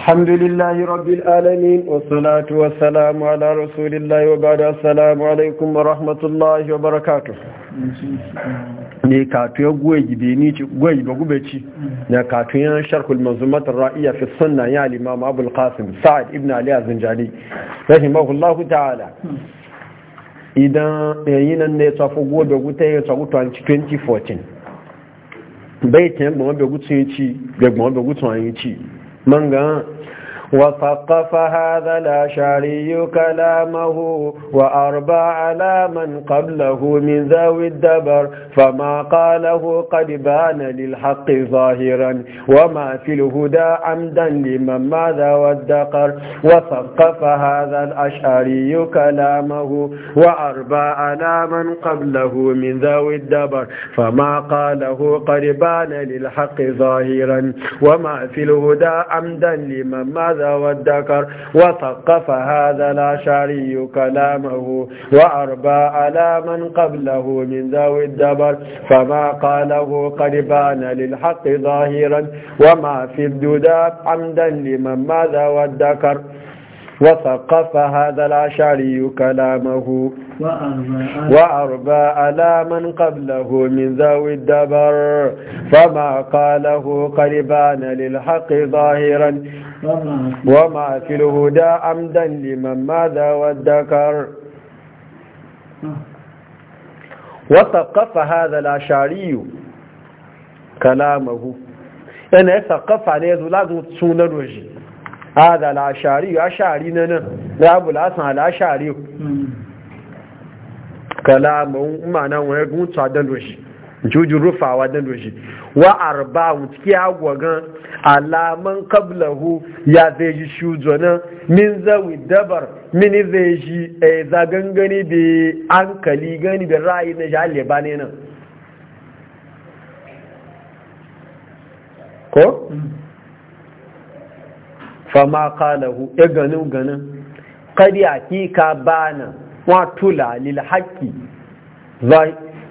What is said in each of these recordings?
الحمد لله رب العالمين والصلاة والسلام على رسول الله وبعد السلام عليكم ورحمة الله وبركاته ne katu ya gwaji ni ci ci na katu ya sharhul manzumat ra'iya fi sunna ya al-imam abul qasim sa'ad ibn ali az-zinjani rahimahullahu ta'ala idan yayin eh, ne tsafu gobe gute 2014 bai man وثقف هذا الأشعري كلامه وأربى على من قبله من ذوي الدبر فما قاله قد بان للحق ظاهرا وما في الهدى عمدا لمن ماذا والدقر وثقف هذا الأشعري كلامه وأربى على من قبله من ذوي الدبر فما قاله قد بان للحق ظاهرا وما في الهدى عمدا لمن ماذا هذا والدكر وثقف هذا الأشعري كلامه وأربى على من قبله من ذوي الدبر فما قاله قد بان للحق ظاهرا وما في الدداب عمدا لمن ماذا والدكر وثقف هذا الأشعري كلامه وأربى على من قبله من ذوي الدبر فما قاله قربان للحق ظاهرا وما في الهدى عمدا لمن ماذا والذكر وثقف هذا الأشعري كلامه أنا ثقف عليه ذو لازم تسونا الوجه هذا العشاري عشاري ننا لا أبو الحسن العشاري كلام معنى ويقوم تصعدن وشي jujin rufawa don doshi wa arba wutki agwagan alaman kablahu ya zai ji shujonan min zawi dabar min zai ji zagan gani da hankali gani da ra'ayi na jale ba na nan ko? fama kalahu ya e ganin ganin kadi hakika bana wa tula lil haqqi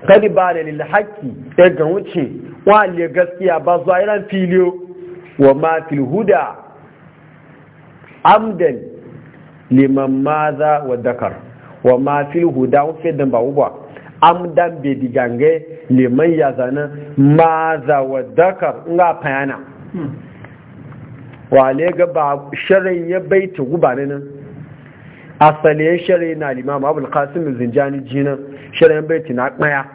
kadi bana lil haqqi ya e ga wuce wa le gaskiya ba zairan filiyo wa ma fil huda amdan liman maza wa dakar wa ma fil huda wa fi dan bawo amdan be digange liman yazana maza wa dakar nga payana hmm. wale ga ba sharin ya baita guba ne nan asali ya sharin na limama abu alkasim zinjani jinan sharin baita na kmaya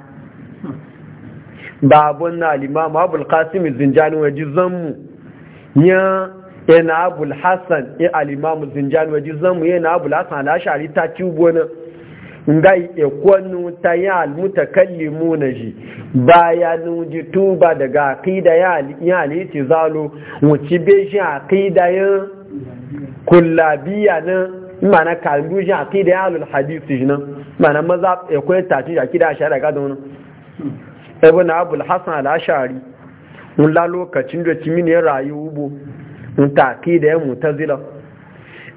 babun na limama abu alkasim zinjani waje zanmu ya yana abu alhassan ya alimamu zinjani waje zanmu yana abu alhassan alashari ta ci ubo nan ngai e ta tayal almutakallimu na ji bayanin ji tuba daga aqida ya aliti zalo ci be shi aqida ya kullabiya na mana kalbu shi aqida ya al hadith shi na mana maza ikwai e tace aqida shara daga don ibn abul hasan al-ashari mun la lokacin da cimin ya rayu ubu mun ta aqida ya mutazila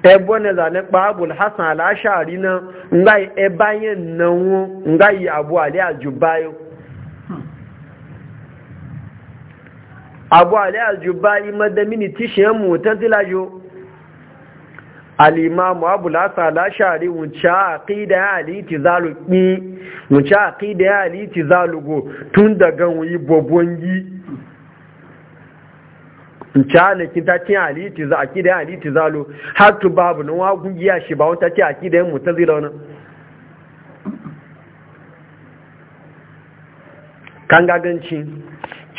ebo ne zane babul hasan al na ngai ebayen nawo ngai abu ali ajubayo abu ali ajubayi madamini tishiyan mutazila yo al-imamu abu hasan al wuce aqida ya ali tizalu ki wuce aqida ya ali tizalu go tun daga wuyi yi canakin ta ali ti za a kida halitti zalo har tu babu nan wa gungiya shi ba wata ce a kida mu ta zira wani kan gaganci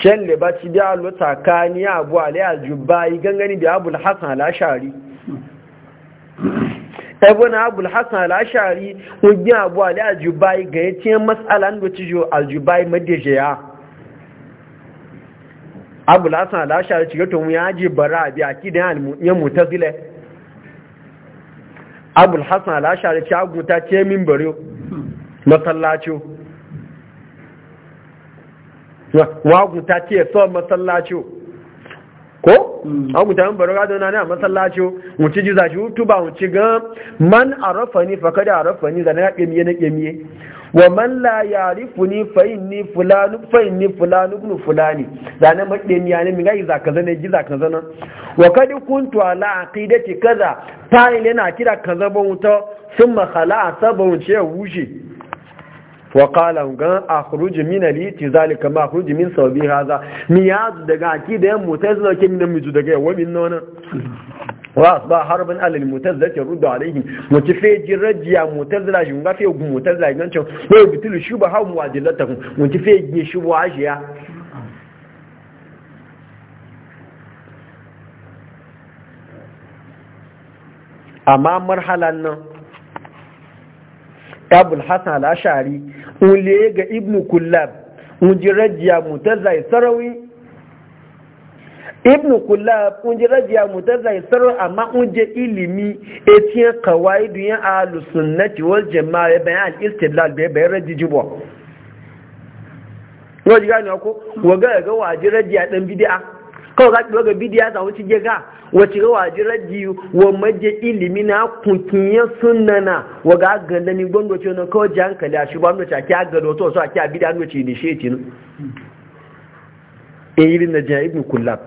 can libaci da lo takani abu alayar jubayi gangani da abu hassan alashari abul abu al-ashari ugin abu alayar jubayi ga ya ce matsalan da cijo aljubayi madejeya abu lasan alashari shiga to mu yaji bara a kidan ya mutazile zile hasan alashari ci agunta ce min bari masallaci wa agunta ce so masallaci ko mm. an mutanen baro gado na ne a masallaci wuce ji zashi hutu ba wuce ga man arafa ni fa kada arafa ni zana ya kemiye na kemiye wa man la yarifu ni fa inni fulanu fa inni fulanu ibn fulani na ma kemiya ne mi ga iza kaza ne giza kaza na wa kad kuntu ala aqidati kaza fa ina kira kaza ban wuta summa khala'a sabon ce wuce liti غن اخرج من الاعتزال كما اخرج من صوبي هذا مياز daga akida yan mutazila ke min mizu daga yawa min nona wa asba harban al mutazila ke alaihi alaihim mutife jirajiya mutazila shi ngafe gu mutazila gan can wai bitul shuba ha muadilatakum mutife gi shubu ajiya amma marhalan nan abul hasan al-ashari ule ga ibn kullab unji rajiya mutazza sarawi ibn kullab unji rajiya mutazza sarawi amma unje ilimi etiyan qawaidu yan ahlus sunnati wal jamaa bayan ya istidlal bayan rajijibwa wajiga ne ko waga ga waji rajiya dan bid'a kawai za ki doga bidiya za wuce gega wace ga waji raji wa maje ilimi na kunkiyen sunana wa ga ganda ni gondo ce na kawai ji hankali a shi ba mu a ki agado to so ki abida no ce ni she ti no yi e, rin na jaya ibn kullab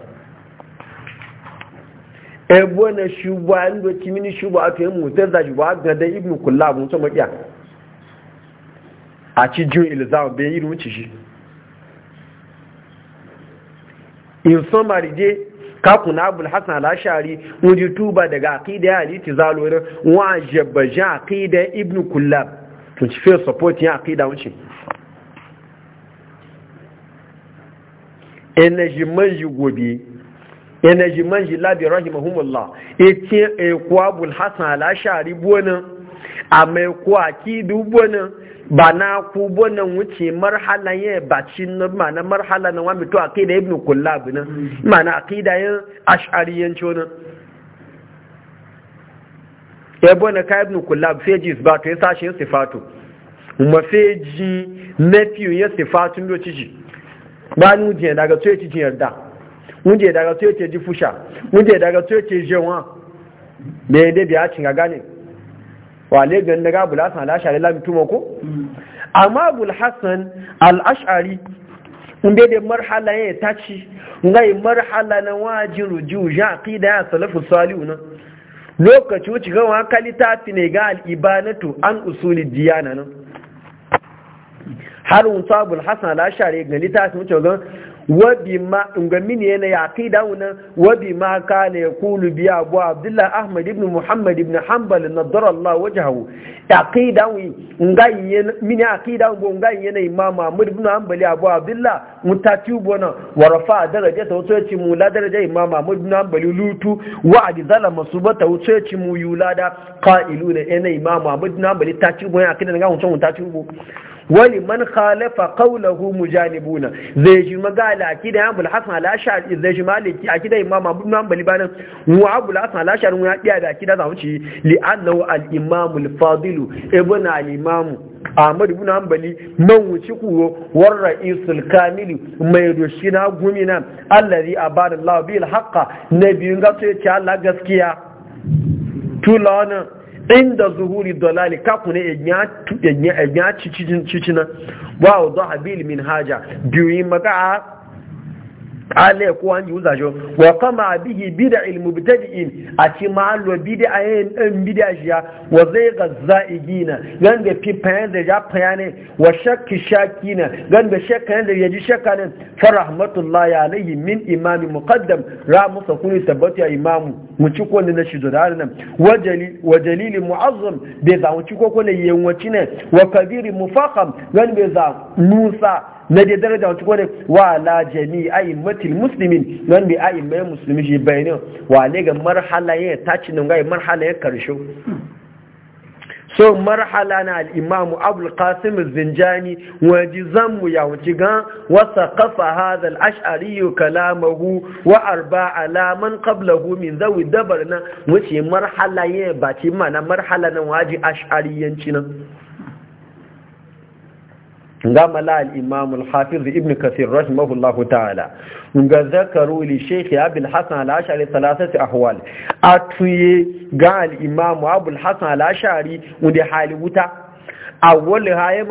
e bona shugaban ndo ti mini shuba to mu ta za shuba ganda ibn kullab mun so a ci jin ilzam be irin wuce shi in summary je kaku na abul hasan al-ashari wuji tuba daga aqida ya ali tizalorin wa jabbaja aqida ibn kullab to ci fe support ya aqida wuce energy manji gobe energy manji labi rahimahumullah eti ekwa abul hasan al-ashari bonan amma ekwa akidu bonan ba na ku bonan wuce marhala ya baci na marhala na wani to aqida ibn kullab na mana aqida yin ash'ariyan wannan ya e bona ka ibn kullab fejis ba to ya sashi yin sifatu kuma feji nephew ya sifatu ndo ciji ba ni wuje daga to ciji yarda wuje daga to yace ji fusha wuje daga to ciji jewa da yadda biya cin gane wale ga daga abu hasan al-ash'ari la ko amma abu hasan al-ash'ari inda da marhala ya taci ngai marhala na wajin ruju ja aqida ya salafu salihu na lokaci wuce ga wa kalita ne ga al'ibanatu an usuli diyana nan har wuta abul hasan al ga litafi wuce ga wabi ma ga mini yana ya kai da wabi ma kana yaqulu bi abu abdullah ahmad ibn muhammad ibn hanbal nadara allah wajhahu aqida wi ngaye mini aqida bo ngaiye yana imam ahmad ibn hanbal abu abdullah mutati bona wa rafa daraja ta wato ci mu la daraja imam ahmad ibn hanbal lutu wa zalama subata wato ci mu yulada qailuna yana imam ahmad ibn hanbal tati bona aqida ga wato tati bo wani man khalafa qawluhu mujanibuna zai shi magala akida Abul Hasan al-Ash'ari zai shi maliki akida Imam Abu Imam Balibanan wa Abul Hasan al-Ash'ari ya kiya da akida zamu ci li annahu al-Imam al-Fadil ibn al-Imam Ahmad ibn Hanbali man wuci kuwo war ra'isul kamil mai na gumina allazi abadallahu bil haqqa nabiyun ya ce Allah gaskiya tulana inda zuhuri dalali kafu ne egyan cicina wa wadda habil min haja biyu yi maka kale ko an ji uzajo wa kama bihi bid'a al mubtadi'in a ci ma allo bid'a yin en bid'a shiya wa zai gazza'igina ganda pipen da ya fayane wa shakki shakina ganda shakka da ya ji shakkanin fa rahmatullahi alaihi min imami muqaddam ra musa kuni tabbata ya imamu mu ci ko ne na shi da nan wa wajalil mu'azzam bai za mu ci ko ko ne yawanci ne wa kabiri mufaqam ganda bai za musa na dai daraja wata kone wa la jami ayi matil muslimin nan bi ayi mai musulmi shi bayanin wa ne ga marhala ya taci nan ga marhala ya karshe so marhala na al-imam abul qasim az-zinjani zan mu ya wuci ga wasa qafa hadha al-ash'ari kalamahu wa arba alaman man qablahu min zawi dabarna wuce marhala ya baci mana marhala nan waji ash'ariyanci nan gama al'imam al-hafiz ibn kasir rahimahullah ta'ala ga zakaru li abi al hasan al-ashari thalathati ahwal atuye ga al-imam al hasan al-ashari wudi hali wuta awwal haye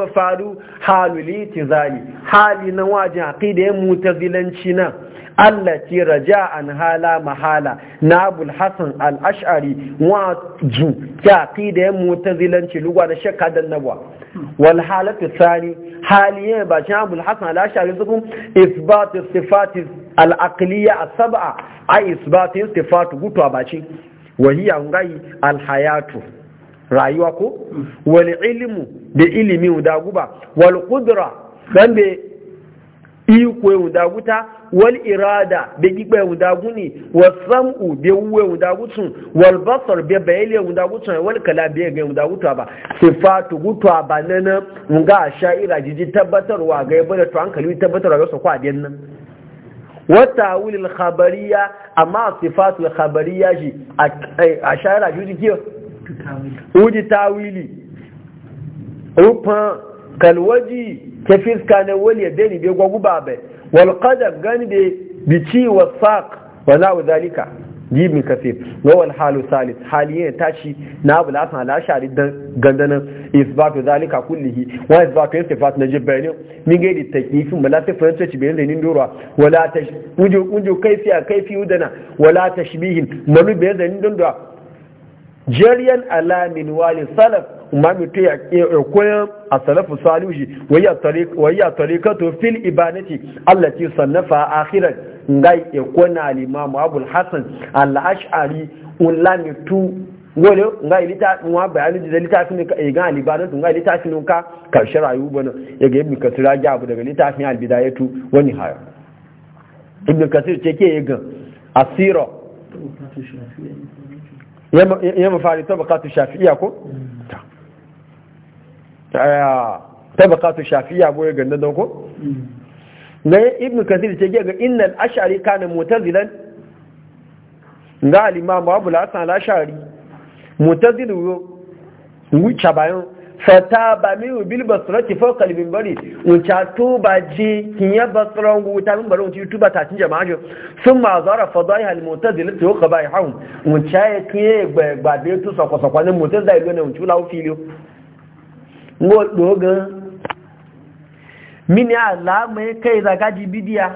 halu li tizali hali na waji aqida ya mutazilanci na raja raja'an hala mahala na abu al hasan al-ash'ari wa ju ta aqida ya mutazilanci lugwa da shakka dan nabwa wal halatu thani haliyan ba shi abul hasan al-ashari sukun isbat al-aqliya as-sab'a ay isbat sifat gutu abaci wahiya ngai al-hayatu rayuwa ko mm. wal ilimu da ilimi da guba wal kudura dan iko ehun daguta wal irada be gbe ehun daguni was sam'u be wuwe ehun dagutun wal basar be bayele ehun dagutun wal kala be ga ehun daguta ba sifatu gutwa ba nana nga ira jiji tabbatarwa ga yaba da to hankali tabbatarwa ga su kwa den nan wata wulil khabariya amma sifatul khabariya shi a sha'ira juji kiyo uji tawili rufan kalwaji ke fiska na wali yadda ni bai gwagu ba bai wal qadam gani bai bici wa saq wa wa zalika jibin kafe wa wal halu salis haliyan tashi na abu lasan da gandanan isbatu zalika kullihi wa isbatu istifat na jibbani min gaidi takifin wala tafiyar ta cibiyan da nindura wala ta ujo kaifi a kaifi udana wala ta shibihin malu bayan da dora jariyan alamin wali salaf kuma mutu ya koya a salafu salushi ka tarikatu fil ibanati allati sannafa akhiran ngai ya kona al-imam abul hasan al-ash'ari ulamitu wani nga ilita nwa bayani da littafin ka e ga alibana to nga littafin ka karshe rayu bana ya ga ibn kasir ya abu daga littafin tu, wani haya ibn kasir ce ke ga asira ya mafari tabaqatu shafi'iyya ko mm. tabakatu shafiya boye ganda don ko na ibn kathir ce ga innal ash'ari kana mutazilan ga alimam imam abu al-hasan al-ash'ari mutazilu yo wuce bayan ba min bil basrati bari. al minbari wuce tuba ji kinya basran guta min bari wuce tuba ta cin jama'a jo ma zara fadaih al mutazil tu qabaihum wuce ya kiye gbagbe tu sokosokwanin mutazilu ne wuce lawo filio gan mini ala mai kai zaga ji bidiya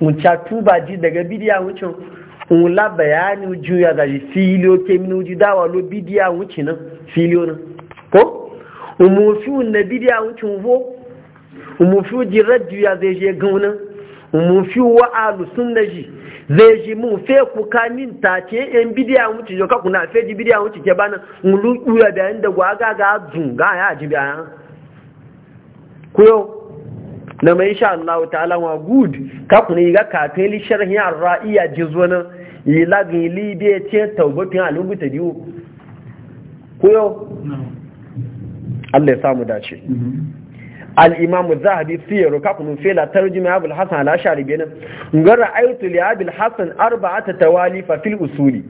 unca tuba ji daga bidiya wucin unla bayani juya da filiyo ke mini uji dawa lo bidiya wucin nan filiyo nan ko umufi na bidiya wucin vo umufi ji rajju ya zai je gaunan umufi wa alu sunna ji zai ji mun fe ku kamin ta ce yan bidiya wuce yau ka kuna fe ji bidiya wuce ke bana mulu uya da yanda gwa ga ga dun ya ji biya ku yau na mai insha Allah ta'ala wa good ka kuna yi ga kafeli sharhin ar-ra'iya ji zuwa yi lagin libe ce taubatin alunguta biyu ku yau Allah ya samu dace mm-hmm. الإمام الذهبي سير كقن في لا ترجمة أبو الحسن على شعر بينا نقول رأيت لأبي الحسن أربعة تواليف في الأصول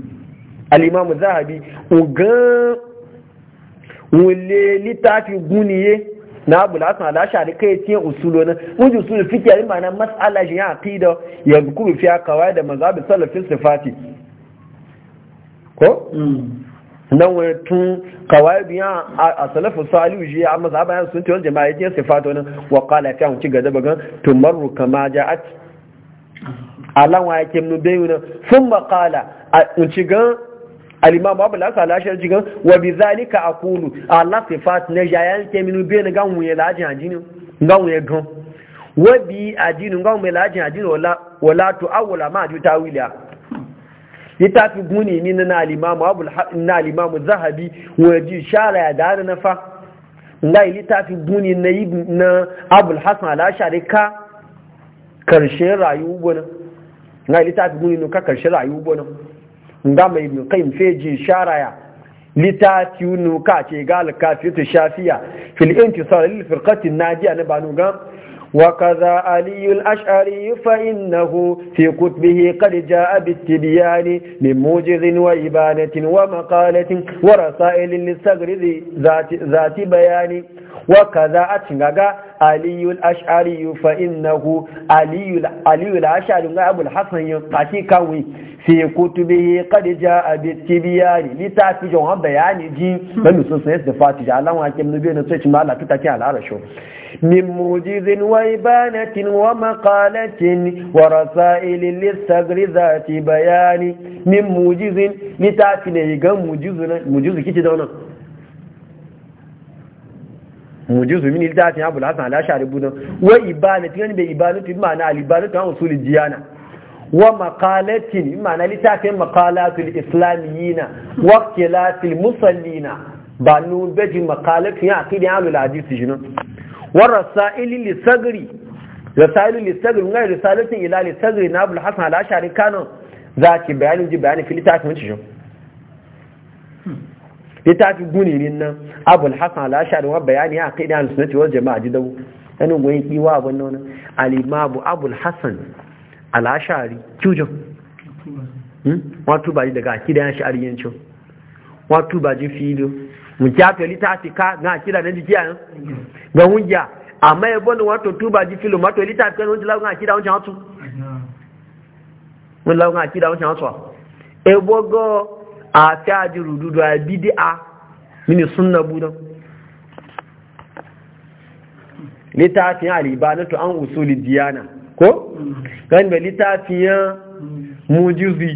الإمام الذهبي وقال wule littafi guniye na abu lasu ala kai tiyan usulo na wujin usulo fiki yarin ma'ana mas'ala shi ya aqida ya kuma fiya kawai da mazhabin salafin sifati ko hmm. nan wani tun kawai biya a salafu salihu shi a maza bayan sun tiwon jama'a yake sifato nan wa kala fiya hunci ga zaba gan tumaru kama ja'at alanwa ya ke mnu bayu wani sun makala a hunci gan alimam abu lasa lashar gan. wa bi zalika a kulu ala sifat na jayan ke mnu bayu na gan wuye lajin ajini gan wuye gan wa bi ajini gan wuye lajin ajini wala to awula ma aju tawiliya littafin guni ni na alimamu abul na alimamu zahabi waje shara ya da na fa ngai littafin guni na na abul hasan al-ashari ka karshen rayuwa gona ngai littafin guni no ka karshen rayuwa gona Nda mai ibn qayyim feji shara ya littafin no ka ce ga al-kafiyatu shafiya fil intisar lil firqati najiya na banu ga وكذا علي الأشعري فإنه في كتبه قد جاء بالتبيان من موجز وإبانة ومقالة ورسائل للصغر ذات, ذات بيان وكذا أتنقى علي الأشعري فإنه علي, علي الأشعري أبو الحسن قتي كوي fi kutubihi qad jaa bi tibyani jo jon bayani ji banu sun sai da fati ja fatija alan hakim nabi na sai ma Allah tutake alarasho min mujizin wa ibanatin wa maqalatin wa rasailin listagrizati bayani min mujizin fi ne ga mujizun mujizu kici da wannan mujizu min litafi abul hasan al-ashari budan wa ibanatin ne be ibanatin ma na al-ibanatu an usul jiyana wa maqalatin ma'ana littafin maqalatul islamiyina wa kilatil musallina ba nun bejin maqalatin ya aqidin alul hadisi jinan wa rasailil lisagri rasailil lisagri ngai risalatin ila lisagri na abul hasan al-ashari za ki bayani ji bayani fil littafin shi littafi gunirin nan abul hasan al-ashari wa bayani aqidin al-sunnati wal jama'a jidawu anin goyin kiwa abun nan al abul hasan alashari kyujin hmm? wato ba ji daga akidan sha'ari yancin wato ba ji filo mun kyafe litafi ka na akida na jiki yan ga hujja amma ya bani wato tuba ji filo mato litafi kan wajen lagun akida wancan wasu wajen lagun akida wancan wasu ebogo a aji rududu a bidi'a mini sunna budan littafin alibana to an usuli diyana ko gani da littafiyan mujizi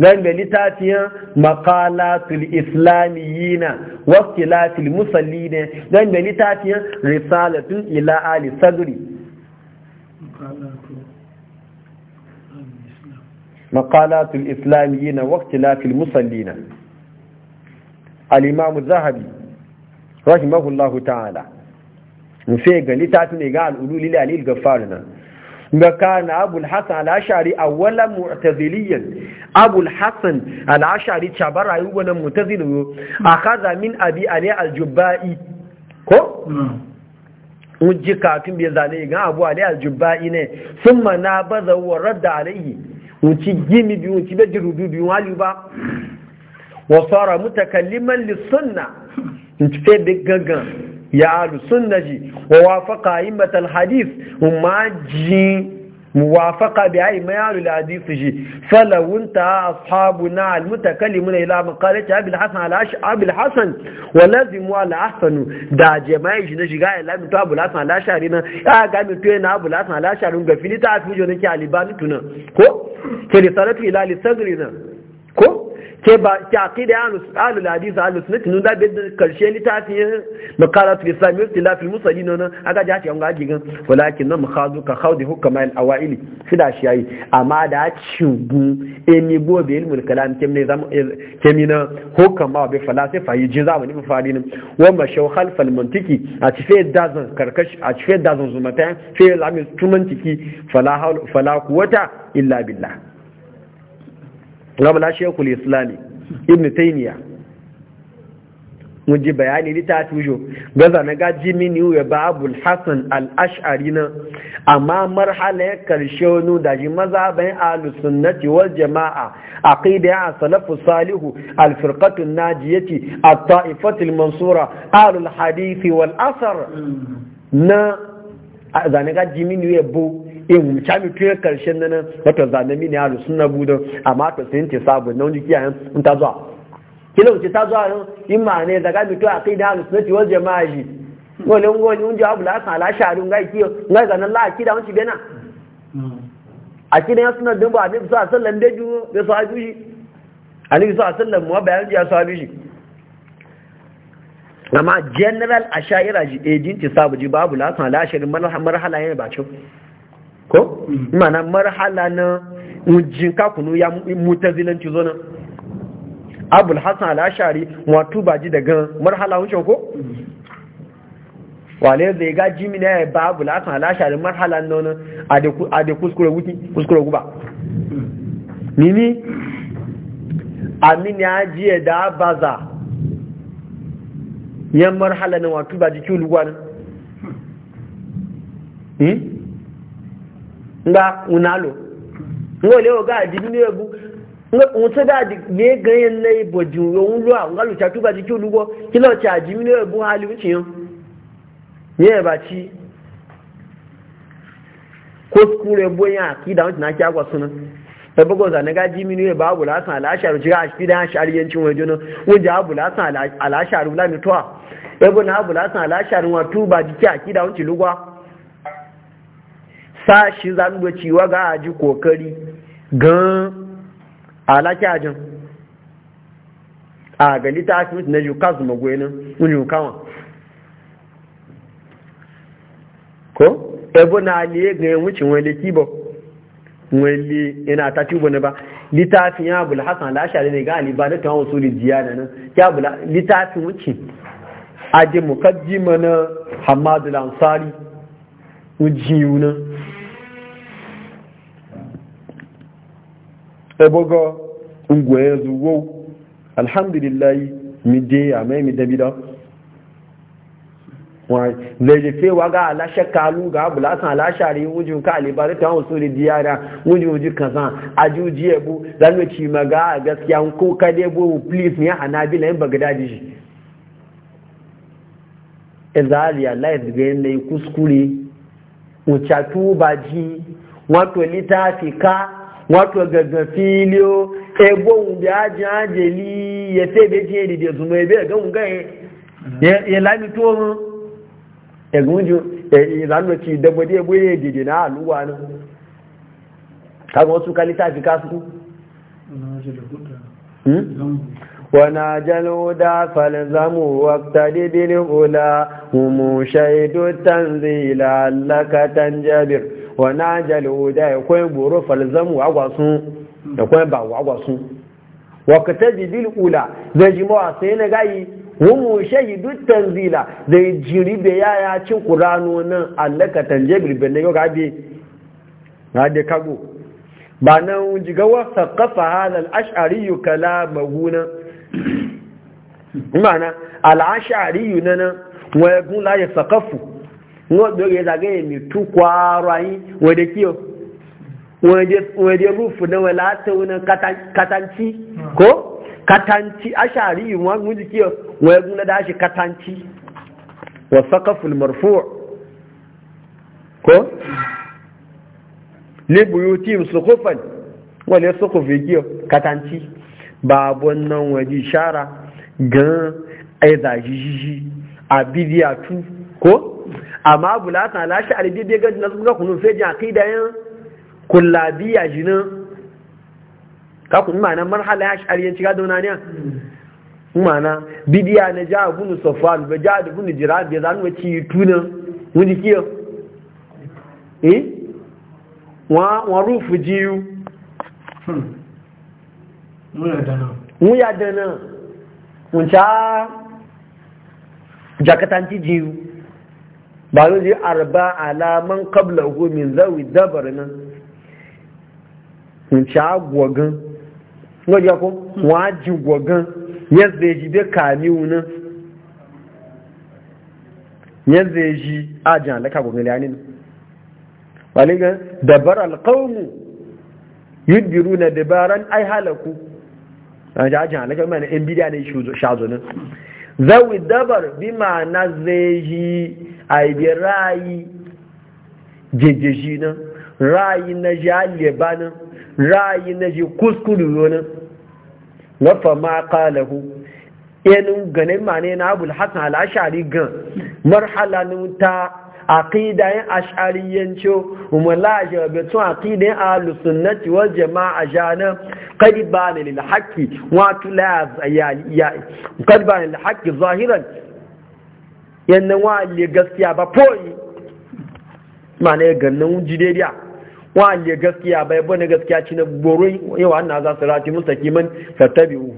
gani da littafiyan makalatul islamiyina wakilatul musallina gani da littafiyan risalatun ila ali sadri makalatul islamiyina wakilatul musallina al'imamu zahabi rahimahullahu ta'ala mu fi ga littafi ne ga al'ulu lil'alil gafaru nan ga kana Abulhassan al'ashari a ashari awwalan mu'taziliyan abul al'ashari al-ashari cabara mu'taziliyo a akaza min abi a ne aljubba'i ko wujji hmm. katun bai zane ga abu a ne aljubba'i ne ma na baza wa radda alayhi wuci gini biyu wuci bai jirudu biyu wali ba hmm. wasu ara mutakalliman lissunna in ci fe be gangan ya na ji wa wafaka yi al-hadith ma ji wafaka bi a'immat ahlu al-hadith ji falaw anta ashabuna al muna ila maqalati abi abil hasan alashi abil hasan wa lazim wa al da jama'i ji na shiga ya lami to abu lasan alashi al na ya ga mi to na abu lasan alashi al ga fili ta fi jo nake alibani tuna ko ke risalatu ila li na, ko ke ba ki aqida ya nus alul hadis alul sunnah nun da karshe litafi eh, maqalat fi islam istila fil musallin non aga ja ci an gaji gan walakin nam khazu ka khawdi hukama al awaili sida shi yayi amma da cigu emi bo be ilmul kalam kem ne zam eh, kem hukama be falasifa yi jin zamani mu fadin wa mashaw khalf al mantiki a ci dazan karkash a ci dazan zumata fe lamin tumantiki fala fala quwata illa billah gamla shekul islami ibn taymiya mun ji bayani lita tujo gaza na gaji mini ya babul hasan al-ash'ari na amma marhala ya karshe wani da ji maza ahlus sunnati wal jama'a aqida ya salafu salihu al-firqatu najiyati at-ta'ifatu al-mansura ahlul hadith wal asar mm. na zane gaji mini ya bu in cami tuyar karshen nan wata zanami ne halu suna budon amma ta sun ce sabon na wani kiyayen in ta zuwa kila wuce ta zuwa yau in ma ne zaga mito a kai da halu suna ciwon jama'a shi wani wani wani jawabu la san alasha halu ngai kiyo ngai zanen la akida wani bena kina ya suna dumbo a nufi a sallan da ju da su haju shi a nufi a sallan muwa bayan a su haju shi amma general ashaira ji ejinti eh, sabu ji babu la san alasha marhala yana bacin ko mm. mana marhala na ujin kakunu ya mutazilanci zonan abul hassan al'ashari wato baji daga marhala wuce ko mm. wale zai ga jimi na ya ba abul hassan al'ashari marhala nan a da kuskure guba nini mm. amini ajiye da baza yan marhala na wato baji kyuluwa na. Hmm? nga unalo ngo ga di ni ebu nga unse da ganyen na ibo di wo nlo a nga lu cha tu ba di a go kilo cha di ni ebu hali wi chiyan ye ba chi ko skure boyan akida won na akị gwa sunu e bugo za e e na ga adi ni ebu ala ji ga shi da shari yen chin wajono wo ala a ebo na sashi zanuwa ciwa ga a ji kokari gan alaki ajin a gani ta ake na juka su kasu nan wani kawan ko ebo na aliye ga yin wucin wani kibo wani yana ta tubo na ba litafin ya bula hasan da ne ga alibadatun kawo su jiya da nan ya bula litafin wucin ji mukaddi mana hamadu lansari wujiyu nan ebogo ngwe zuwo alhamdulillah mi de ame mi de bidan wai leje fe wa ga ala shakka lu ga bula san ala shari wuju ka le bare ta usuli diyara wuju wuju kan san aju ji ebu dan me ci maga gaskiya ko ka de bu please ni bagdadi shi ezali kuskure uchatu wato litafi ka wato gaga filiyo egbon bi aji ajeli ya fe be jiye dide zumo ebe ga un ga e. ya lami to mu egunju e lanu ci dabo dide na aluwa na ka go kalita fi wa na jalo da ya kwaye goro falzamu agwasu. da kwaye ba agwasu. wa ka ta jibil ula zai ji mawa sai na gayi wumu duk tanzila zai jiri da yaya cin kur'anu nan allaka tanjabil bin da yau gabe gabe kago ba nan jiga wasa kafa halal ash'ari yu kala maguna imana al'ashari yu nan wai gun la ya sakafu wọ́n bí ó yẹ zàgé èmì kwara yí wọ́n dé kí o wọ́n dé rúfù náà wọ́n katanci ko katanci aṣàrí ìwọ̀n gún jikí o wọ́n egun na dáṣe katanci wọ́n sọ́kà ko hmm. ní buyu tim sokofan wọ́n lè sokofi kí o katanci wọ́n shara gan ẹ̀dà yíyí àbídí àtú ko amma bulata lashi alibi bai gaji nasu ga kunun fejin aqida yan kullabiya jinin ka kun ma'anar marhala ya shariyanci ga dauna ne ma'ana bidiya na ja gunu sofan ba ja da bunu jira bai zanu ciye tuna wani kiyo eh wa rufu jiyu mu ya dana mun cha jakatanti jiyu ba zai ji arba alaman kabla min zawi dabar nan in ci agwagan wajen ya ko waji gwagan yadda ya ji bai kamiwu nan yadda ya ji ajiyar alaka gwagan yanin waligan dabar alkawun yudiru na dabaran ai halaku a ji ajiyar alaka mana yan bidiya ne shazo nan zawi dabar bi ma'ana zai yi a ibi ra'ayi jejeji nan ra'ayi na ji aliyaba nan ra'ayi na ji kuskuru yonin na fama kalahu yanin ganin ma'ana yana abu hassan al'ashari gan marhala ta aqidayen ash'ariyyanci umma jabe tun aqidayen ahlus sunnati wal jama'a jana qad bana lil haqqi wa tula ya qad bana lil haqqi zahiran yanna wa le gaskiya ba poyi mana gannan jidediya wa gaskiya ba yabo ne gaskiya ci na goro yawa anna za su rati mustaqiman fatabi'u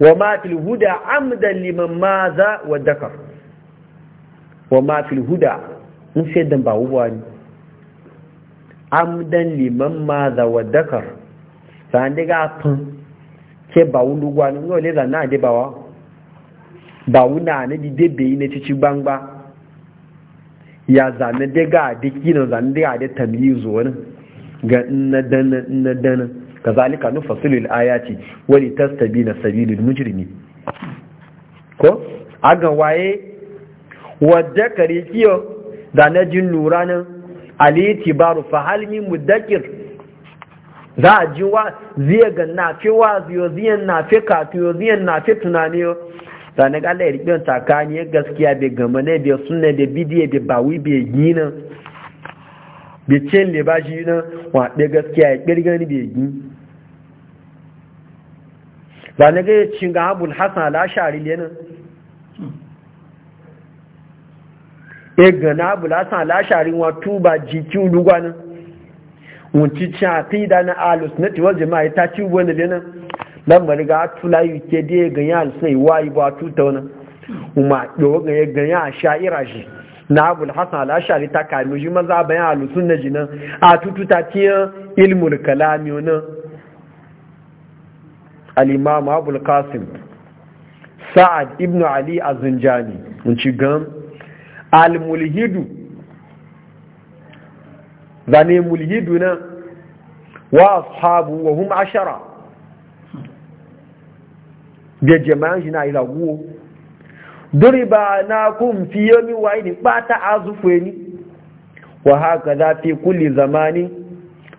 wa ma til huda amdan liman maza wa dakar wa ma fil huda in sai dan ba uwa ne amdan liman ma za wa dakar san daga fun ke ba wulu gwa ne ngole za na de bawa ba wuna ne di debe ne cici gbangba ya zane daga da kino zane daga da tamyizu wani ga na dana na dana kazalika nufasilu al-ayati wa litastabina sabilul mujrimin ko aga waye wadda kare kiyo da na jin nura nan aliti baro fa mu muddakir za a ji wa ziyar ga na fi wa? ziyan na fi katu yo ziyan na fi tunani yo da na gala ya rikin tsakani ya gaskiya bai gama na, bai sunna bai bidiyar bai bawi bai gina bai cin libashi nan wa ɗaya gaskiya ya kirgani bai gina ba na gaya cin ga abul hasan al'ashari lenin egana abulasan alashari wọn tuba jiki olugwani ti cin afida e e e na alus na tiwon jama'a ta ci wani lena na. bari ga atula yi ke da ya ganya alusun iwa ibo a tuta wani kuma yau ga ya a ira shi na abul hasan alashari ta kami shi maza bayan alusun na jina. a tutu ta tiyan ilmul kalami wani alimamu abul qasim sa'ad ibn ali azunjani ci gan al-mulhidu zane mulhidu na wa ashabu wa hum ashara bi jama'an shi na ilaguwo duriba na kun fiye ni wa ni bata azufu ni wa haka za fi kulli zamani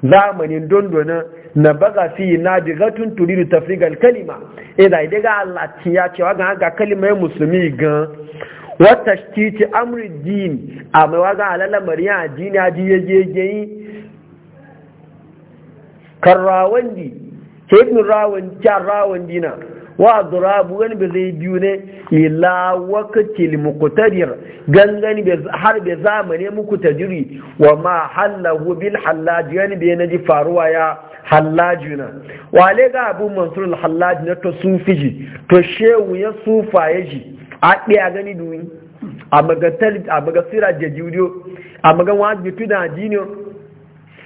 zamanin dondona na baga fi na digatun turidu tafrigal kalima idan daga Allah ya cewa ga kalima ya musulmi gan wata titi amri din a mai waga mariya addini a jiye jejeyi kan rawandi ke ibn rawandi kyan rawandi na wa wani bai zai biyu ne ila wakati muqtadir gangan har bai zamane muqtadiri wa ma hallahu bil hallaji wani bai ji faruwa ya na wale ga abu mansur hallaji na to fiji to shewu ya sufa ya ji a ɗaya gani domin a maga talit a maga sira da juriyo a maga wani bitu da jiniyo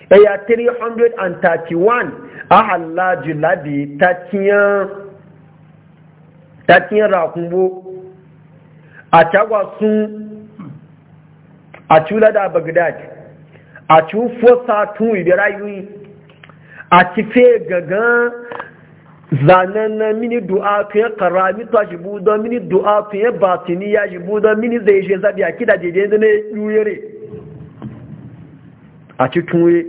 ɗaya 331 a halaji labi ta kiyan rakunbo a cagwa sun a cula da bagdad a cufo satun ibe rayuyi a cife gagan zanen na mini du'a tun ya kara mita shi buda mini du'a tun ya batini ya shi buda mini zai shi zaɓi a kida daidai da na yuyere a cikin wuri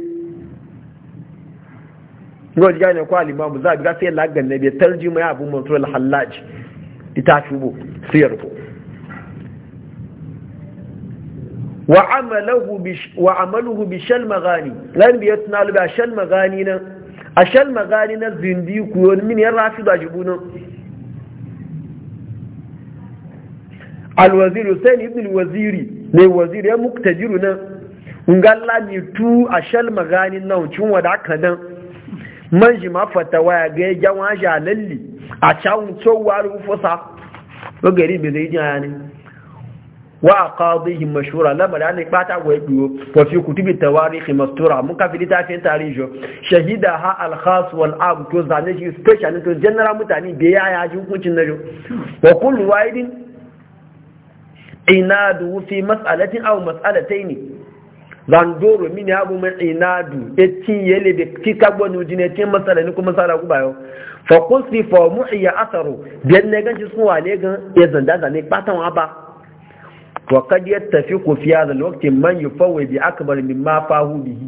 ga jiya ne kwa limamu za a ga sai na biya tarji mai abu mantur al-hallaji ita bu siyar ko wa amaluhu bi shal magani lan biya tunalu ba shal magani nan a magani na zindi kuyo min yan rafi da jibunan alwaziri hussein ibn waziri ne waziri ya muktajiru na ngalla ni tu a magani na cin wada kadan man ji ma fatawa ya ga jawaja lalli a can tsohuwa rufusa ga gari bai zai jiya ne wa qadihim mashura la mala ne pata go yiwo wa fi kutubi tawarikh mastura mun ka fili ta fin tarijo shahida ha al khas wal am to zane shi special to general mutane da ya ya jin na najo wa kullu waidin inadu fi mas'alatin aw mas'alataini zandoro mini abu mai inadu eti yele da kika gbonu jine tin masala ni kuma masala ku bayo fa qulti fa mu'iya atharu bi ne ganci sun wale gan ya e zanda zane bata wa ba وقد يتفق في هذا الوقت من يفوي بأكبر مما فاه به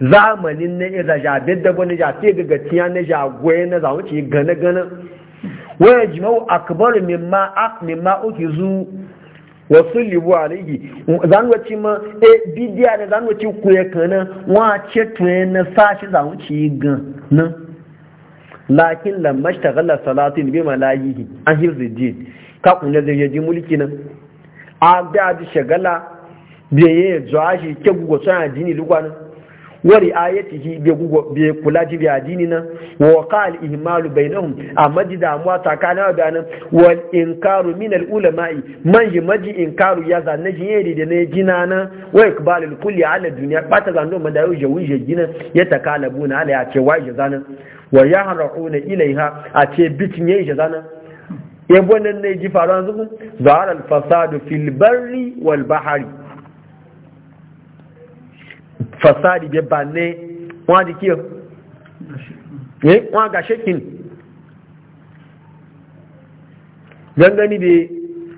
zamanin na iza jabir da wani jafe ga gatiya na goye na ci gane-gane waya jima'u akbar mimma uki zu wasu libu Zan zanwaci ma e bidiya da zanwaci kana, wa ce tuye na sashi zamuci gane lakin lammashi ta galla salatu bi malayihi an hirzi Ka kakunan zai yaji mulki nan an bi a ji shagala biye ya zuwa shi ke gugu sun addini lugwanin wari ayatihi bi gugu kula ji bi addini nan wa qal ihmalu bainahum amma ji damuwa tsakanin bayanan wal inkaru min al ulama'i man ji maji inkaru ya zane shi yi da na jina nan wa ikbalul kulli ala duniya bata zando ma da yau jawi je jina ya buna ala ya ce wa ya zanan wa yahra'una ilaiha a ce bitin yi je zana. yabo nan ne ji faruwa zuku zuwa fasadu fil barri wal bahari fasadi bai ba ne wọn di kiyo eh wọn ga shekin gangani be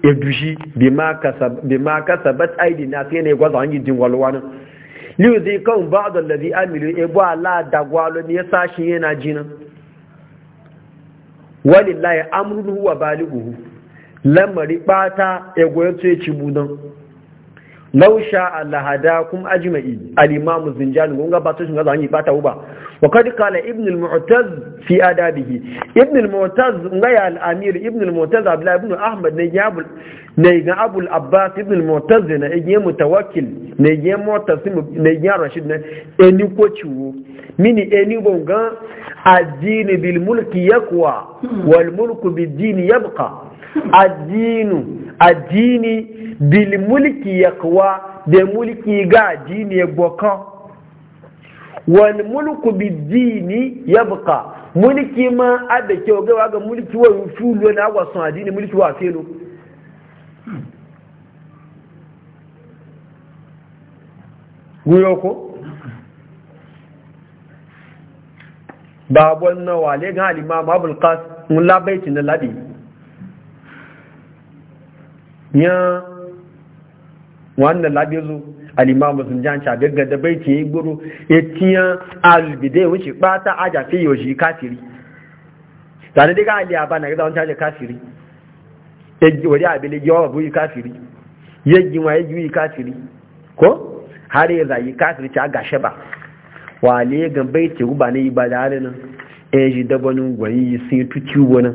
edushi bai ma kasab bi ma na aidi na sai ne gwaza hanyar din walwa nan liyu zai kan ba'd alladhi amilu ya bo ala dagwalo ne sashi yana jinan walillahi amrun huwa balighu lamari bata egoyen ya ci budan lausha alhada kuma ajma'i al-imam zinjani kun ga batun ga zanyi bata uba wa kad qala ibn al-mu'taz fi adabihi ibn al-mu'taz ga al-amir ibn al-mu'taz abdullah ibn ahmad ne ya ne ga abul abbas ibn al-mu'taz ne ya mutawakkil ne ya mu'tasim ne ya rashid ne eni ko ciwo mini eni bongan addini bil mulki yakwa hmm. wal mulku bid dini yabqa addinu addini bil mulki yakwa de mulki ga addini gbokan wal mulku bid dini yabqa mulki ma abe ke ogewa ga mulki wa fulu na agwason addini mulki wa felo hmm. guyoko babuwan nawa wale ga abu abulkas mun labaici na labi ya wannan labi zo alimamu sun jan ca gaggada baiti ya guru ya tiya albide wuce bata aja fi yau shi kafiri tare daga aliya ba na gida wani tashi kafiri ya wari abili yawon abu yi kafiri ya gima ya yi kafiri ko har ya zayi kafiri ta gashe ba wale ga bai ce guba ne ba da hari nan ya eh, ji dabanin gwani sun yi tuki wani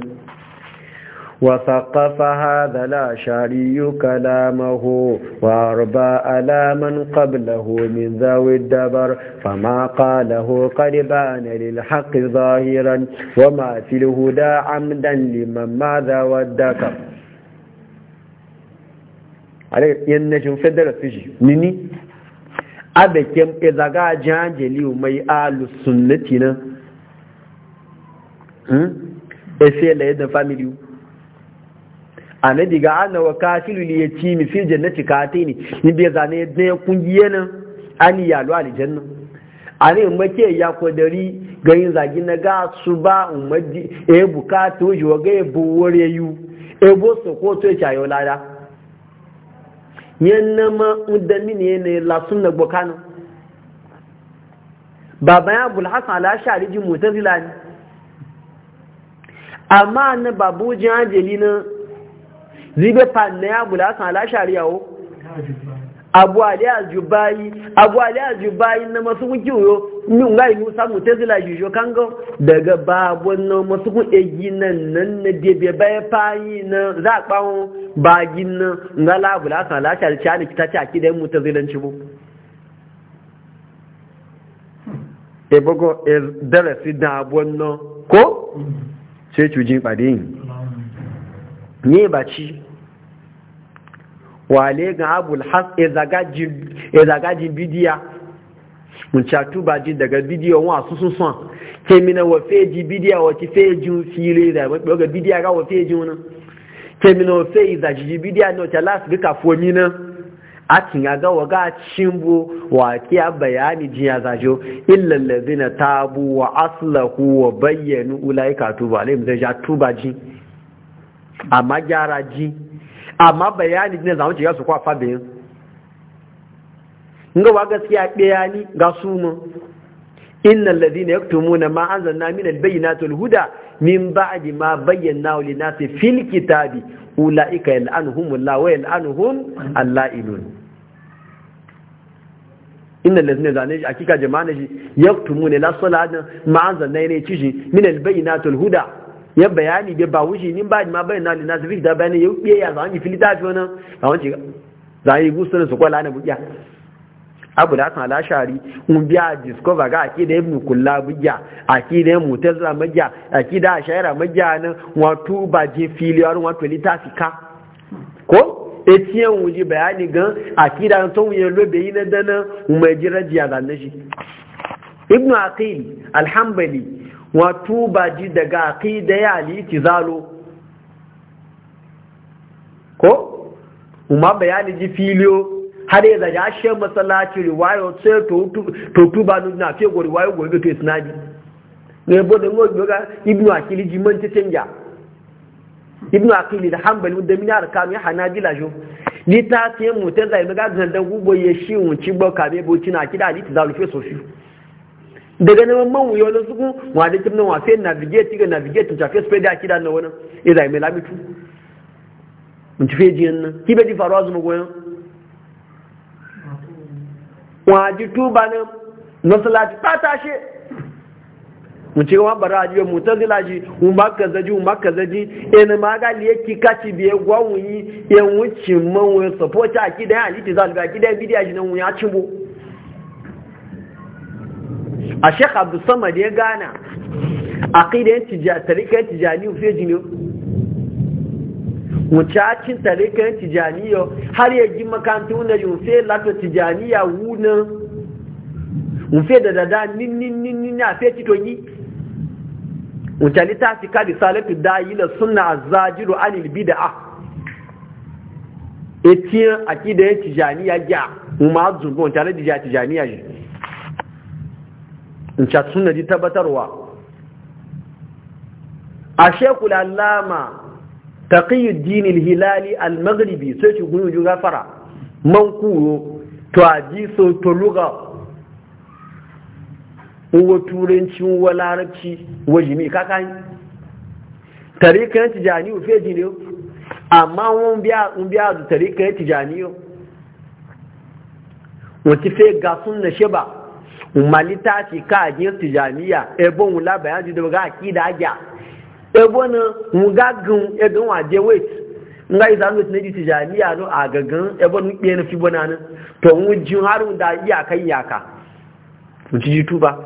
wasaƙafa ha da lashari yi kalamaho wa ruba alaman ƙablaho min zawi dabar fama ƙalaho ƙari ba na lil haƙi zahiran wa mafil da amdan liman ma za wadda ka a daga yin nashin federal fiji nini abekem ezaga janjeli mai alu sunnati nan hmm efe la yadda e family ana diga ana wa kafilu li yatimi fi jannati katini ni be zane da kungiye nan ani yalu aljanna ani make ya kodari gayin zagi na ga su ba umadi e bukatu jo ga e buwore yu e bo to e chayo lada yana ma da mini yana la sunna bokano baban abul hasan alashari shari ji mutazila ne amma na babu jin na zibe pan na abul hasan alashari shari yawo abu ali bayi abu ali ajubayi na masu kun kiwo ni nga yi musa mu tezila jijo kango daga babu na masu kun egi nan nan na debe baya fayi na za a kpawo bagin na nga labu la san lati alci ani kita ci aki dan mu tezilanci bu e bogo e darasi da abu na ko sai cujin ɓade ni ba ci wale ga abul has e zagajin e bidiya mucatu ba ji daga bidiyo wa su sun son ke mina wa feji bidiya wa ti fili da ga bidiya ga wa feji wona ke mina wa feji da ji bidiya no ta a tin ga wa ga wa bayani ji ya zajo tabu wa aslahu wa bayyanu da ja tuba ji amma gyara ji amma bayani ne zamu ce ya su kwa fadin nga wa gaskiya bayani ga su mu innal ladina yaktumuna ma anzalna min albayyinati alhuda min ba'di ma bayyanahu linasi fil kitabi ulaika la wa yal'anuhum allailun inna lazina zane shi akika jama'a ne yaktumuna yaktumu ne la salatan ma'azan ne ne ciji min albayyinatul huda ya bayani bai ba wuce nin ba ma bayan nali na zafi da bayani ya yi ya zan yi filita fi wannan a wance za yi gusurin na kwala na bukiya abu da kan lashari un biya discover ga aki da ibn kulla bukiya aki da mutazila magiya aki da shaira magiya nan wato ba je wani wato litafi ka ko etiyan wuji bayani gan ake da ton wuye lobe yi na dana umar jirajiya zanne shi ibn aqil alhambali wato ba ji daga aqida ya aliti zalo ko umar bayani ji filiyo har yi zaja ashe matsalaci riwayo sai to to ba nu na fe gori wayo gobe to isnadi ne bo da ngo ga ibnu akili ji man canja ibnu akili da hambali da min arkan ya hanabila jo ni ta sai mu zai ga gandan gubo ya shi wunci ci bo kabe bo kina kida aliti zalo fe sofi daga neman man wuyo na suku wa da kimnan wa sai navigate ga navigate ta face da kidan na ya zai mai lamitu mun ci feji nan ki be faruwa zuma goyon wa ji tuba na nasalati ta tashe mun ce wa bara ajiyar mu ta zilaji mun ba ka zaji mun ba ka zaji en ma ga liye ki kaci biye gwawuyi en wucin man wuyo support kidan ya aliti zalga akida bidiya na nan wuya cimbo a sheikh abdulsamad ya gana a ƙidayen tarikayen tijani fiye jini mucacin tarikayen tijani har ya gi makanti wunar yi fiye lato tijani ya wuna fiye da dada ninninnin na fiye citonyi mucali ta fi kadi salatu da yi da suna a zajiru anil a etiyan a ƙidayen tijani ya gya umar ma tare da tijani ya yi in ci suna ji tabbatarwa a shekul allama taqiyuddin al-hilali al sai ci gunu ju gafara man kuro to aji so to luga wa turanci wa larabci wa jimi kakan tarikan tijani u feji ne amma won biya un biya du tijani yo ti fe ga sunna sheba malita ci ka ebo mu la bayan jido ga ki da ja ebo na mu ga gun e gun je wait nga isa ngi ne tijaniya no a gagan ebo ni pe na fi bona na to mu ji haru da iya kai yaka mu ji tuba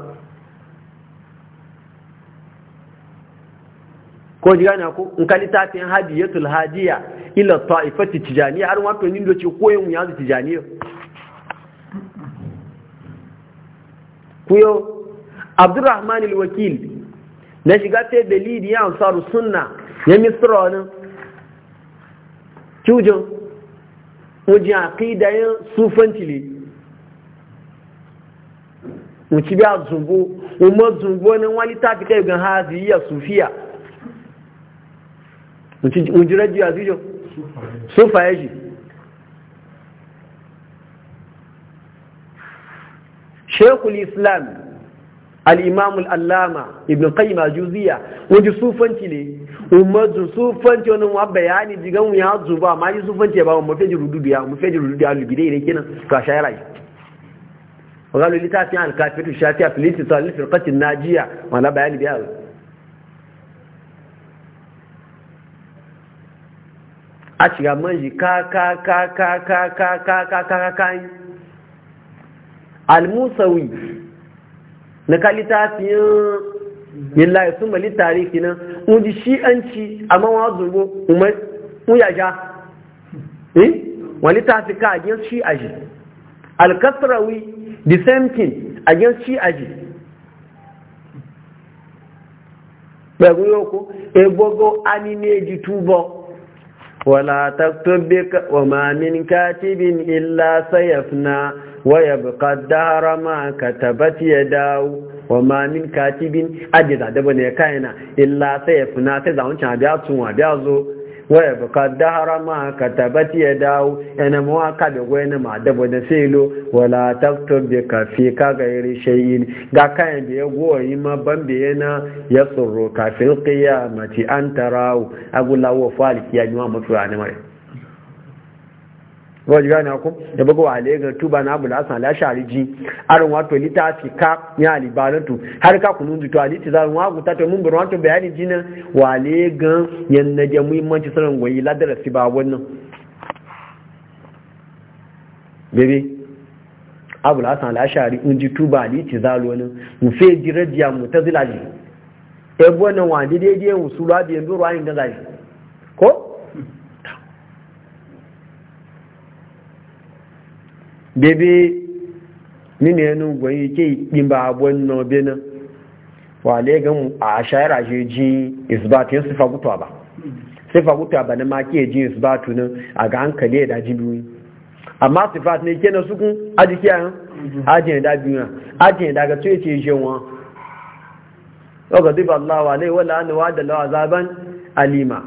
ko ji gane ko in ka litafin hadiyatul hadiya ila ta'ifati tijaniya har wato ni do ci koyon mu ya tijaniya kuyo abdurrahman al na shiga ta dalili ya ansaru sunna ya misra wani cujin wajen aqidayen sufanci ne wuci biya zumbo umar zumbo nan wani ta fi kai gan haziyya sufiya wuci rajiya zujo sufa ya ji shekul islam al'imamul allama ibn qayyim juziya wajen sufanci ne umarzu sufanci wani wa bayani jigan ya zuba ma yi sufanci ba mu feji rududu ya mu feji rududu ya lubide ne kenan ka shayar ai wagalu littafin a shafiya filisti tsalli firkacin najiya wala bayani biya a shiga manji ka ka ka ka ka ka ka ka ka ka al-musawi na kalitafin lillahi sun mali tarihi nan uji shi'anci amma wa zurgo umar uyaja eh wani tafi ka against shi'aji al-kasrawi the same thing against shi'aji pẹ̀lú yóò egbogo anineji túbọ̀ wàlá taktobika wa ma min katibin illa na. waya buƙadara ma ka tabbata ya dawo wa ma min katibin ajiza da bane kaina illa sai ya funa sai za wancan abiya tunwa biya zo waya buƙadara ma ka tabbata ya dawo yana mawa ka da gwai na ma da bane sai lo wala taftar da kafi ka ga yiri shayi ga kayan da ya goya yi ma ban da yana ya tsoro kafin kiyamati an tarawo agulawo fa'alikiya yi wa mafi wa ne mara wajen gane ku da bugu wa lega tuba na abu lasan la ji aron wato litafi ka ya alibaratu har ka kunu du to aliti zan wa guta to mun buran to bayani jina wa lega yan na je muhimmanci sanan goyi ladara si ba wannan bebe abu lasan la shari un ji tuba aliti zalo nan mu fe jirajiya mutazilaji ebo nan wa daidai yan usula biyan duro ayin gazaji ko bebe nínú ẹnu gbọ̀nyí ké ìpínbà agbọ́n náà bí náà wà lẹ́gàn àṣàyàrà ṣe jí ìsìbátù yẹn sífà gútù àbá sífà gútù àbá ní máa kí èjì ìsìbátù náà àgá ń kẹ̀lé ẹ̀dá jí bí àmá sífà ní kí ẹ̀nà súnkún ajíkí àrùn ẹ̀dá bí wọn ajin ẹ̀dá gẹ̀tú ètò ìṣẹ́ wọn ọgọ̀dúbà láwà lẹ́wọ́ láwọn àdàlọ́ azaban alima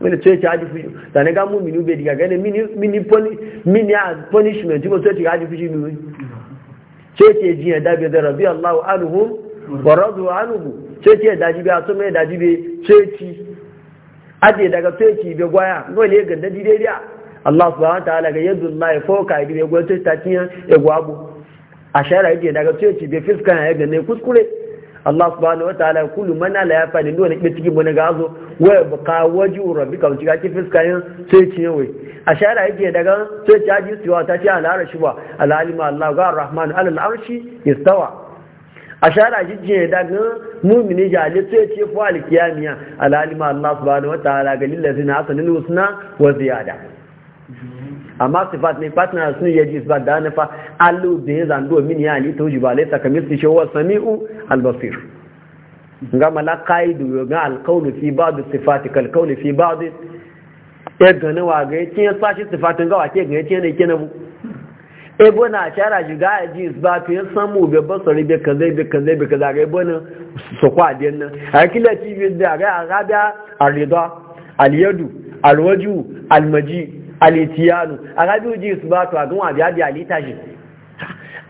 mini tsoye ki haji fushi zane ga mun mini ube diga gane mini punishment yi ko tsoye ki haji e fushi biyu tsoye ki jiya dabe da rabi allahu anuhu wa razu anuhu tsoye ki daji bi a so daji bi tsoye ki aje daga tsoye ki bi gwaya nole ya ganda dide dia allah subhanahu ta'ala ga yadda allah ya e foka bi e ya gwaya tsoye ta tiyan ya gwabo a shara yake daga tsoye ki bi fiska ya gane kuskure Allah subhanahu wa ta'ala kullu man la yafani dole ne cikin wani gazo waya buka waju rabbika wuce kake fiska yin sai ci yawe a shara yake daga sai ci aji suwa, ta ci ala arshi ba alalima Allah ga rahman ala al'arshi yastawa a shara yake daga mu'mini jali sai ci fa alkiyamiya alalima Allah subhanahu wa ta'ala ga lillazina hasanul husna wa ziyada amma sifat ne partner sun yaji sifat da nafa allu da ya zando min ya ali tauji ba laita kamil shi huwa sami'u al-basir ga malakai du ga al-qawlu fi ba'd sifati kal qawli fi ba'd ya e gani wa ga yace ya sashi sifatin ga wace ga yace ne kenan ebo na shara shiga a ji ba to ya samu bai basari bai kaza bai kaza bai kaza ga ebo na su kwa den nan a kila tv da ga arabiya alida alyadu alwaju almaji alitiyanu a rabi uji su ba to a gan wabi abi alita shi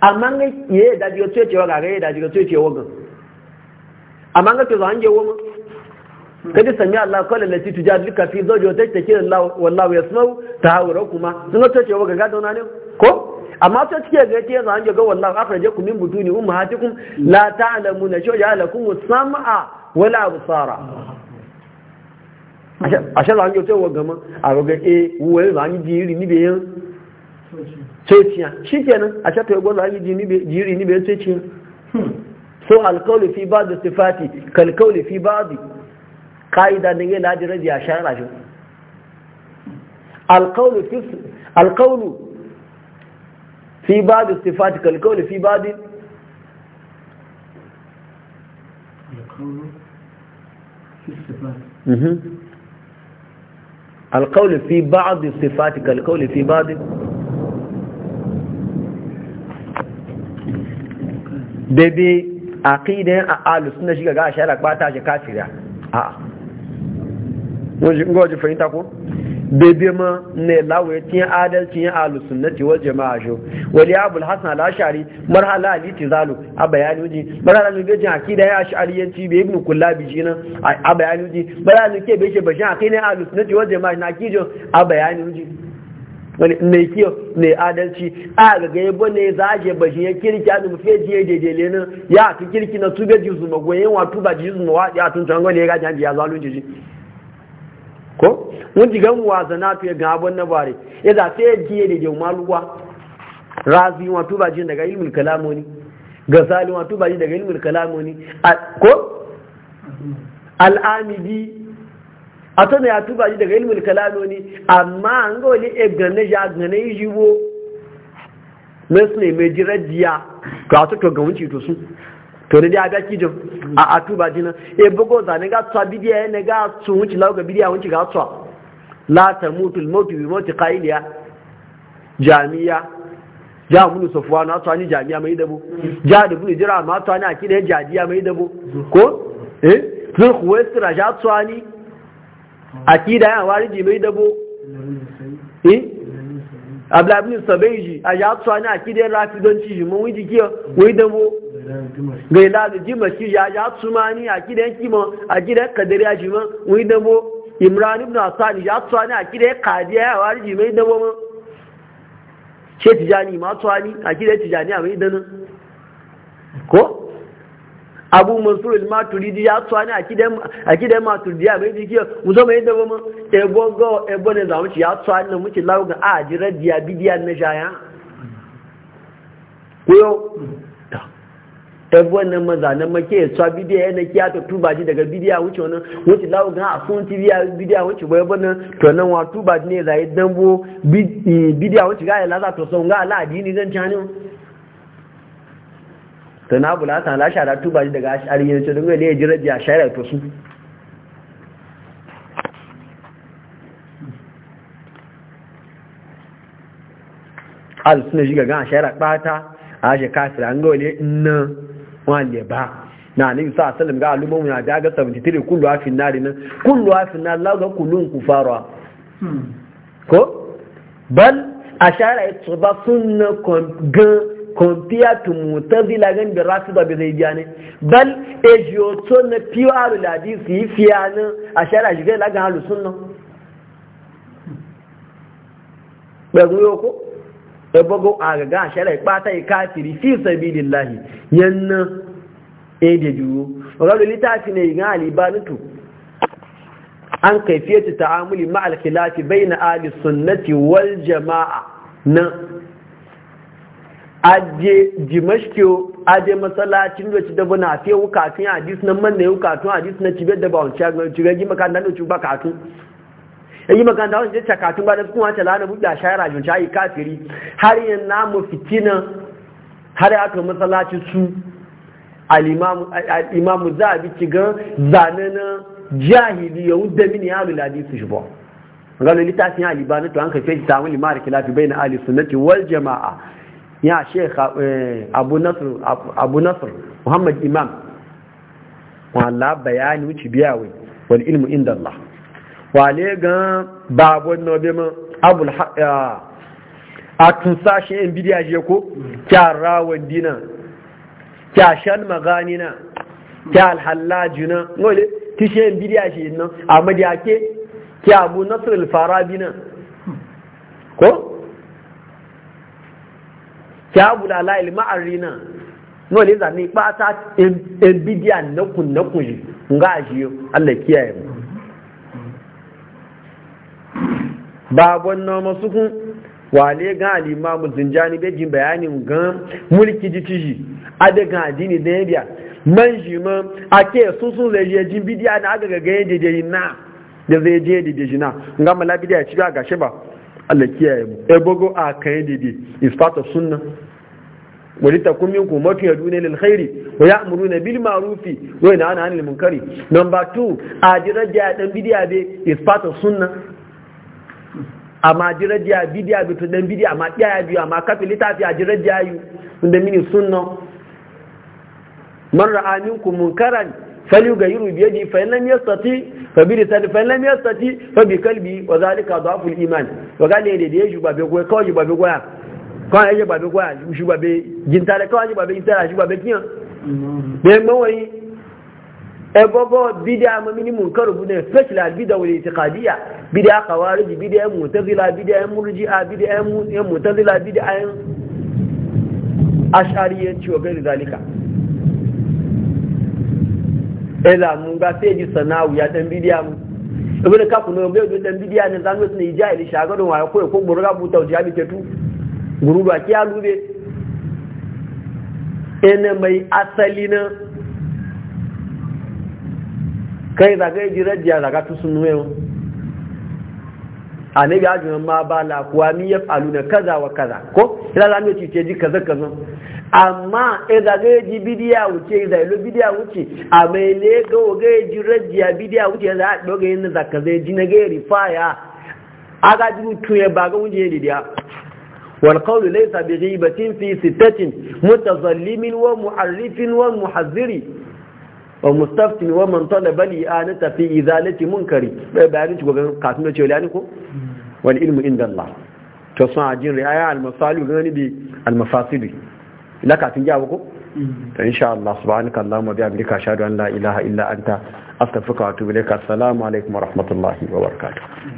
amma ne ya yi daji otu ecewa ga ya daji otu ecewa gan amma ne to zan je woma kadi sami Allah kala lati tuja duka fi zoji wata ta kira Allah wallahu yasmau tahawura kuma sun tuye ecewa ga gado na ne ko amma to cike ga ta zan je ga wallahu akhrajakum kumin butuni umu ummahatikum la ta'lamuna shay'a lakum as-sam'a wala absara ashe la njo tewo gama aroge e eh, wuwe la ni jiri ni beyan tetiya shikenan ashe to go la ni jiri ni be jiri ni so le fi ba'd sifati kal le fi ba'd qaida ne la jira ji le fi fi le fi alkauli fi ba'adu sifati kalkauli fi ba'adu bebe aqidan ahlus sunna shiga ga ashara kwata shi kafira a wajen goji fahimta ko bebe ma ne ya tin adalci ya ahlus sunnati wal jama'a sho wali abul hasan al ashari marhala ali tizalu a bayani uji marhala ne bejin akida ya ashariyanci be ibn kullabi jina a bayani uji marhala ke be she bashin akida ahlus sunnati wal jama'a na kijo a bayani uji wani mai kiyo mai adalci a ga gaye bane za a je bashin ya kirki adu mafi jiye daidai ne ya ka kirki na tube jizu magoyen wa tuba ji jizu mawa ya tun tango ne ya gaji ya zalunci shi ko mun ji gan waza na to ga abun na bare ya da sai ji da je maluwa razi wato ba jin daga ilmul kalamoni sali wato ba jin daga ilmul kalamoni ko al'amidi a to ya ba jin daga ilmul kalamoni amma an ga wani e ya gane yi jiwo mesle me jirajiya ka to to ga wunci to su to da abia kijo a atuba dinan e bugo za ne ga tsa bidiya ne ga ki wuci lawo ga bidiya wuci ga tsa la tamutu al-maut bi maut qailiya jami'a ja mun safwa na tsani jami'a mai dabo ja da bin jira ma tsani a kidan jadiya mai dabo ko eh zul khuwaisra ja tsani a kidan ya ji mai dabo eh abla ibn sabaiji a ja tsani a kidan rafidonci mun wiji kiyo wai dabo gai jima shi ya ya ni a gidan kima a gidan kadari a jima wani dabo imran ibn asani ya tsani a gidan kadiya ya wari jima yi dabo ma ce tijani ma ni a gidan tijani a mai dana ko abu mansur al-maturidi ya tsani a gidan a gidan maturidi a mai dikiya muso mai dabo ma ebo go ebo ne zamu ci ya tsani mu ci lawo a jira biya bidiyan na jaya ko ɗabuwan wannan maza na make ya tsawa bidiya yana kiya ta tuba ji daga bidiya wuce wani wuce lawo gan a tv a bidiya wuce bai bane to nan wa tuba ne zai dambo bidiya wuce ga ya za to son ga ala addini zan ci hanin ta na bula ta la shara tuba ji daga ashari ce to dinga ya jira ji shara to su al suna shiga gan ashara kpata a shi kafira an ga nan wale ba na alayhi sa sallam ga alumun na da ga 73 kullu afin nari nan kullu afin nari la ga kullun kufara hmm. ko bal ashara yatsuba sunna gan compare to mutazila gan da rafida bi zai biya ne bal ejoto na pure yi fiya nan ashara jiga la ga halu sunna hmm. ba go ko ebogo a gaga sharai ɓata yi kafiri fi sabilillahi yanna e da duro wadda littafi ne yin alibanutu an ta ta'amuli ma'al bai na ahli sunnati wal jama'a na aje jimashkiyo aje masalacin da ci da na fiye wukatun hadis nan yi ne wukatun hadis na cibiyar da bawon ciyar gima kan nan da cibiyar ba katun yi magana wasu jacca katun ba da kuma ta lana buɗe a shayar ajiyar shayi kafiri har yin namu fitina har ya aka matsalaci su al'imamu za a bi cigar zane na jahili ya wudda mini ya lulabi su shi ba gano littafin ya libanu to an kafe shi samun limar kilafi bai na ali sunnati wal jama'a ya sheikh eh, abu nasir muhammad imam wa wallah bayani wuce biya wai wal ilmu inda allah wale gan babon nobe man abul a tun sashe yin bidiya je ko kya rawan dina kya shan maganina kya alhallajina wale tishe yan bidiya shi nan a madiyake kya abu nasir alfarabina ko kya abu lala ilma'arina zane ba ta yan bidiya nakun nakun shi ajiyo allah kiyaye mu babon na masu kun wale gan alimamu zinjani bai jin bayanin gan mulki ji ciji gan addini da yabiya man shi ma ake sun sun zai je jin bidiya na aga ga gaye daidai na da zai je daidai na nga mala bidiya ci ga shi ba Allah kiyaye mu ebogo a kai daidai is part of sunnah ولتكن منكم أمة يدعون إلى الخير ويأمرون بالمعروف ana عن المنكر نمبر 2 أجر جاء دم is part of sunna amma jiradiya bidiya bi tudan bidiya amma daya biyu amma kafi litafi a jiradiya yu da mini sunna man ra'a minkum munkaran falyughayyiru bi yadihi fa in lam yastati fa bi lisani fa in lam yastati fa bi qalbi wa zalika dhaful iman wa gane da da juba be goya kawai ba be goya kawai yaje ba be goya juba be jintare kawai ba be jintare shi be kiyan mm-hmm. be mawai ebobo bidia ma mini munkaru bude special bidia wal itiqadiyya bidia qawarij bidia mu'tazila bidia murji'a bidiya mu'tazila bidiya ci wa gari zalika ila mun ga sai ji sana'u ya dan bidia mu ibn kafu no ga dan bidia ne zan mutune jahili shagadon wa ko ko gurga buta jabi tetu guruba kiya lube ene mai asali na kai zaga ji rajiya zaga tu sun nuwe annabi ajin ma ba la kuwa mi ya falu na kaza wa kaza ko ila za mu ce ji kaza kaza amma e zaga ji bidiya wuce da ilo bidiya wuce a mai ne ga ga ji rajiya bidiya wuce za a doga yin zaka zai ji na ga rifaya aga ji ya ba ga wuje ne dia والقول ليس بغيبة في ستة متظلم ومحرف ومحذر wa mustaftin wa man talaba li anata fi izalati munkari bai bayanin ci gogan kafin da cewa ni ko wal ilmu inda Allah to sun ajin riaya al masalu gani bi al mafasili la kafin ya ko to insha Allah subhanaka allahumma bi amrika ashhadu an la ilaha illa anta astaghfiruka wa atubu ilaik assalamu alaikum wa rahmatullahi wa barakatuh